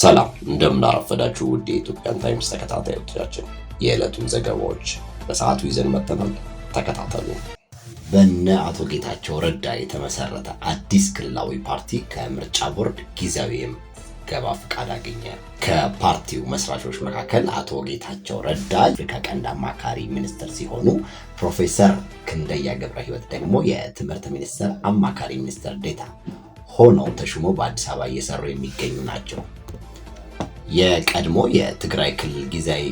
ሰላም እንደምናረፈዳችሁ ውድ የኢትዮጵያን ታይምስ ተከታታዮቻችን፣ የዕለቱን ዘገባዎች በሰዓቱ ይዘን መጥተናል። ተከታተሉ። በነ አቶ ጌታቸው ረዳ የተመሰረተ አዲስ ክልላዊ ፓርቲ ከምርጫ ቦርድ ጊዜያዊም ገባ ፍቃድ አገኘ። ከፓርቲው መስራቾች መካከል አቶ ጌታቸው ረዳ የአፍሪካ ቀንድ አማካሪ ሚኒስትር ሲሆኑ ፕሮፌሰር ክንደያ ገብረ ሕይወት ደግሞ የትምህርት ሚኒስትር አማካሪ ሚኒስትር ዴታ ሆነው ተሹመው በአዲስ አበባ እየሰሩ የሚገኙ ናቸው። የቀድሞ የትግራይ ክልል ጊዜያዊ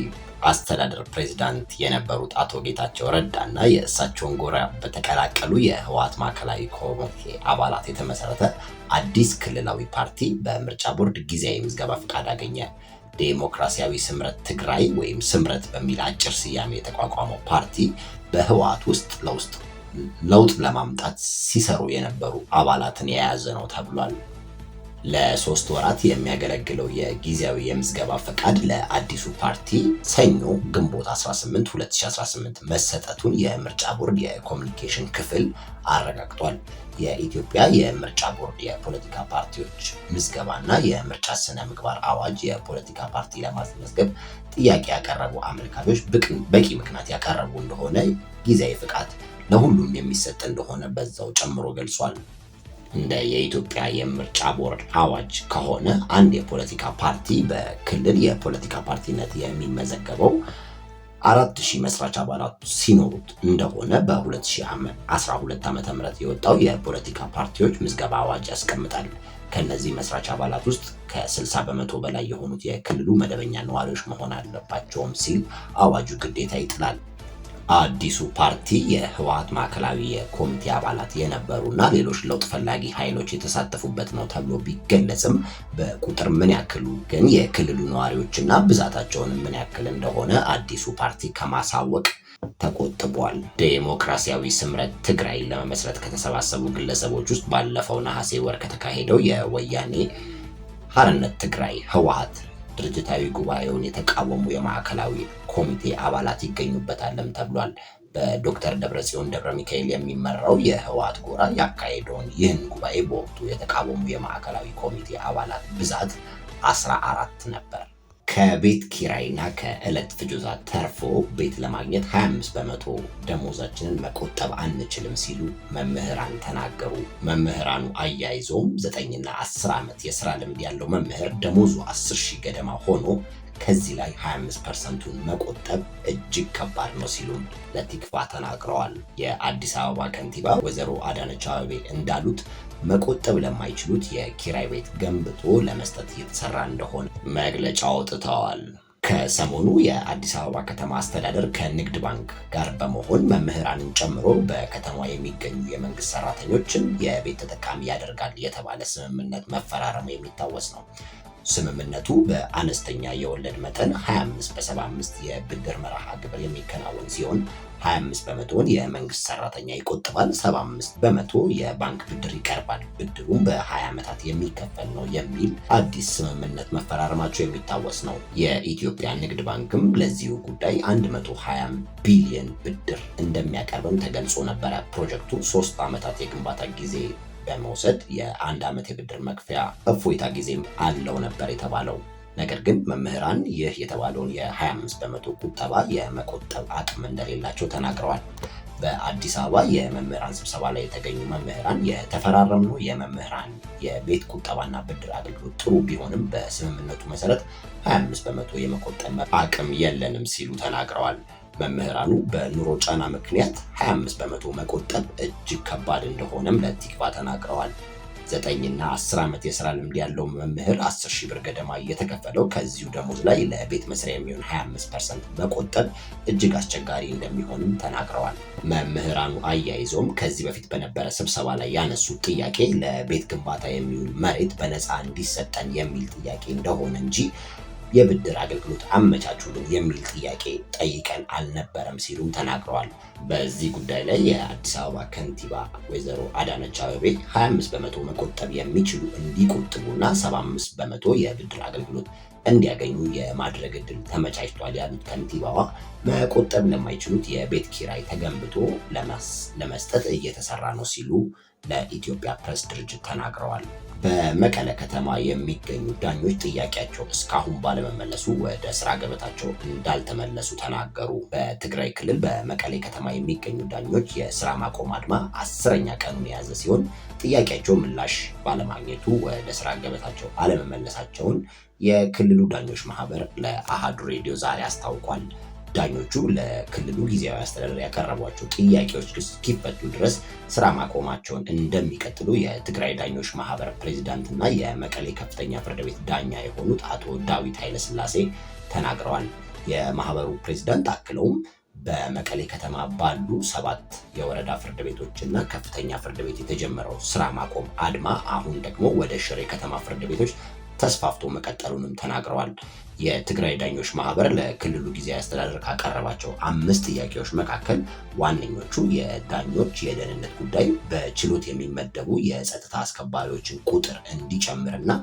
አስተዳደር ፕሬዚዳንት የነበሩት አቶ ጌታቸው ረዳ እና የእሳቸውን ጎራ በተቀላቀሉ የህወሓት ማዕከላዊ ኮሚቴ አባላት የተመሰረተ አዲስ ክልላዊ ፓርቲ በምርጫ ቦርድ ጊዜያዊ ምዝገባ ፈቃድ አገኘ። ዴሞክራሲያዊ ስምረት ትግራይ ወይም ስምረት በሚል አጭር ስያሜ የተቋቋመው ፓርቲ በህወሓት ውስጥ ለውስጥ ለውጥ ለማምጣት ሲሰሩ የነበሩ አባላትን የያዘ ነው ተብሏል። ለሶስት ወራት የሚያገለግለው የጊዜያዊ የምዝገባ ፈቃድ ለአዲሱ ፓርቲ ሰኞ ግንቦት 18 2018 መሰጠቱን የምርጫ ቦርድ የኮሚኒኬሽን ክፍል አረጋግጧል። የኢትዮጵያ የምርጫ ቦርድ የፖለቲካ ፓርቲዎች ምዝገባና የምርጫ ስነ ምግባር አዋጅ የፖለቲካ ፓርቲ ለማስመዝገብ ጥያቄ ያቀረቡ አመልካቾች በቂ ምክንያት ያቀረቡ እንደሆነ ጊዜያዊ ፍቃድ ለሁሉም የሚሰጥ እንደሆነ በዛው ጨምሮ ገልጿል። እንደ የኢትዮጵያ የምርጫ ቦርድ አዋጅ ከሆነ አንድ የፖለቲካ ፓርቲ በክልል የፖለቲካ ፓርቲነት የሚመዘገበው አራት ሺህ መስራች አባላት ሲኖሩት እንደሆነ በ2012 ም የወጣው የፖለቲካ ፓርቲዎች ምዝገባ አዋጅ ያስቀምጣል። ከእነዚህ መስራች አባላት ውስጥ ከ60 በመቶ በላይ የሆኑት የክልሉ መደበኛ ነዋሪዎች መሆን አለባቸውም ሲል አዋጁ ግዴታ ይጥላል። አዲሱ ፓርቲ የህወሀት ማዕከላዊ የኮሚቴ አባላት የነበሩ እና ሌሎች ለውጥ ፈላጊ ኃይሎች የተሳተፉበት ነው ተብሎ ቢገለጽም በቁጥር ምን ያክሉ ግን የክልሉ ነዋሪዎችና ብዛታቸውን ምን ያክል እንደሆነ አዲሱ ፓርቲ ከማሳወቅ ተቆጥቧል። ዴሞክራሲያዊ ስምረት ትግራይ ለመመስረት ከተሰባሰቡ ግለሰቦች ውስጥ ባለፈው ነሐሴ ወር ከተካሄደው የወያኔ ሀርነት ትግራይ ህወሀት ድርጅታዊ ጉባኤውን የተቃወሙ የማዕከላዊ ኮሚቴ አባላት ይገኙበታልም ተብሏል። በዶክተር ደብረጽዮን ደብረ ሚካኤል የሚመራው የህወሓት ጎራ ያካሄደውን ይህን ጉባኤ በወቅቱ የተቃወሙ የማዕከላዊ ኮሚቴ አባላት ብዛት 14 ነበር። ከቤት ኪራይና ከዕለት ፍጆታ ተርፎ ቤት ለማግኘት 25 በመቶ ደሞዛችንን መቆጠብ አንችልም ሲሉ መምህራን ተናገሩ። መምህራኑ አያይዞም ዘጠኝና አስር ዓመት የስራ ልምድ ያለው መምህር ደሞዙ 10 ሺህ ገደማ ሆኖ ከዚህ ላይ 25 ፐርሰንቱን መቆጠብ እጅግ ከባድ ነው ሲሉም ለቲክፋ ተናግረዋል። የአዲስ አበባ ከንቲባ ወይዘሮ አዳነች አበቤ እንዳሉት መቆጠብ ለማይችሉት የኪራይ ቤት ገንብቶ ለመስጠት እየተሰራ እንደሆነ መግለጫ አውጥተዋል። ከሰሞኑ የአዲስ አበባ ከተማ አስተዳደር ከንግድ ባንክ ጋር በመሆን መምህራንን ጨምሮ በከተማ የሚገኙ የመንግስት ሰራተኞችን የቤት ተጠቃሚ ያደርጋል የተባለ ስምምነት መፈራረሙ የሚታወስ ነው። ስምምነቱ በአነስተኛ የወለድ መጠን 25 በ75 የብድር መርሃ ግብር የሚከናወን ሲሆን 25 በመቶን የመንግስት ሰራተኛ ይቆጥባል፣ 75 በመቶ የባንክ ብድር ይቀርባል፣ ብድሩም በ20 ዓመታት የሚከፈል ነው የሚል አዲስ ስምምነት መፈራረማቸው የሚታወስ ነው። የኢትዮጵያ ንግድ ባንክም ለዚሁ ጉዳይ 120 ቢሊዮን ብድር እንደሚያቀርብም ተገልጾ ነበረ። ፕሮጀክቱ ሶስት ዓመታት የግንባታ ጊዜ በመውሰድ የአንድ ዓመት የብድር መክፈያ እፎይታ ጊዜም አለው ነበር የተባለው። ነገር ግን መምህራን ይህ የተባለውን የ25 በመቶ ቁጠባ የመቆጠብ አቅም እንደሌላቸው ተናግረዋል። በአዲስ አበባ የመምህራን ስብሰባ ላይ የተገኙ መምህራን የተፈራረምነው የመምህራን የቤት ቁጠባና ብድር አገልግሎት ጥሩ ቢሆንም በስምምነቱ መሰረት 25 በመቶ የመቆጠብ አቅም የለንም ሲሉ ተናግረዋል። መምህራኑ በኑሮ ጫና ምክንያት 25 በመቶ መቆጠብ እጅግ ከባድ እንደሆነም ለቲክቫ ተናግረዋል። ዘጠኝና አስር ዓመት የስራ ልምድ ያለው መምህር 10 ሺህ ብር ገደማ እየተከፈለው ከዚሁ ደሞዝ ላይ ለቤት መስሪያ የሚሆን 25 ፐርሰንት መቆጠብ እጅግ አስቸጋሪ እንደሚሆንም ተናግረዋል። መምህራኑ አያይዘውም ከዚህ በፊት በነበረ ስብሰባ ላይ ያነሱት ጥያቄ ለቤት ግንባታ የሚውል መሬት በነፃ እንዲሰጠን የሚል ጥያቄ እንደሆነ እንጂ የብድር አገልግሎት አመቻቹልን የሚል ጥያቄ ጠይቀን አልነበረም ሲሉም ተናግረዋል። በዚህ ጉዳይ ላይ የአዲስ አበባ ከንቲባ ወይዘሮ አዳነች አበቤ 25 በመቶ መቆጠብ የሚችሉ እንዲቆጥቡና 75 በመቶ የብድር አገልግሎት እንዲያገኙ የማድረግ እድል ተመቻችቷል ያሉት ከንቲባዋ መቆጠብ ለማይችሉት የቤት ኪራይ ተገንብቶ ለመስጠት እየተሰራ ነው ሲሉ ለኢትዮጵያ ፕሬስ ድርጅት ተናግረዋል። በመቀለ ከተማ የሚገኙ ዳኞች ጥያቄያቸው እስካሁን ባለመመለሱ ወደ ስራ ገበታቸው እንዳልተመለሱ ተናገሩ። በትግራይ ክልል በመቀሌ ከተማ የሚገኙ ዳኞች የስራ ማቆም አድማ አስረኛ ቀኑን የያዘ ሲሆን ጥያቄያቸው ምላሽ ባለማግኘቱ ወደ ስራ ገበታቸው አለመመለሳቸውን የክልሉ ዳኞች ማህበር ለአሃዱ ሬዲዮ ዛሬ አስታውቋል። ዳኞቹ ለክልሉ ጊዜያዊ አስተዳደር ያቀረቧቸው ጥያቄዎች እስኪፈቱ ድረስ ስራ ማቆማቸውን እንደሚቀጥሉ የትግራይ ዳኞች ማህበር ፕሬዚዳንትና የመቀሌ ከፍተኛ ፍርድ ቤት ዳኛ የሆኑት አቶ ዳዊት ኃይለስላሴ ተናግረዋል። የማህበሩ ፕሬዚዳንት አክለውም በመቀሌ ከተማ ባሉ ሰባት የወረዳ ፍርድ ቤቶች እና ከፍተኛ ፍርድ ቤት የተጀመረው ስራ ማቆም አድማ አሁን ደግሞ ወደ ሽሬ ከተማ ፍርድ ቤቶች ተስፋፍቶ መቀጠሉንም ተናግረዋል። የትግራይ ዳኞች ማህበር ለክልሉ ጊዜያዊ አስተዳደር ካቀረባቸው አምስት ጥያቄዎች መካከል ዋነኞቹ የዳኞች የደህንነት ጉዳይ፣ በችሎት የሚመደቡ የጸጥታ አስከባሪዎችን ቁጥር እንዲጨምርና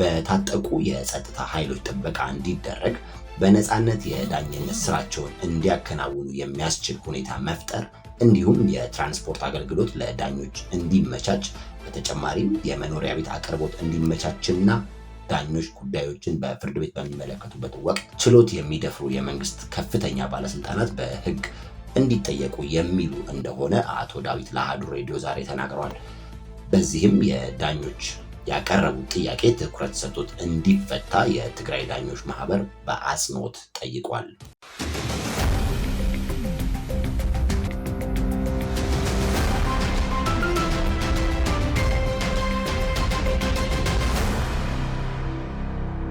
በታጠቁ የጸጥታ ኃይሎች ጥበቃ እንዲደረግ፣ በነፃነት የዳኝነት ስራቸውን እንዲያከናውኑ የሚያስችል ሁኔታ መፍጠር እንዲሁም የትራንስፖርት አገልግሎት ለዳኞች እንዲመቻች በተጨማሪም የመኖሪያ ቤት አቅርቦት እንዲመቻችና ዳኞች ጉዳዮችን በፍርድ ቤት በሚመለከቱበት ወቅት ችሎት የሚደፍሩ የመንግስት ከፍተኛ ባለስልጣናት በህግ እንዲጠየቁ የሚሉ እንደሆነ አቶ ዳዊት ለአሃዱ ሬዲዮ ዛሬ ተናግረዋል። በዚህም የዳኞች ያቀረቡት ጥያቄ ትኩረት ሰጡት እንዲፈታ የትግራይ ዳኞች ማህበር በአጽንኦት ጠይቋል።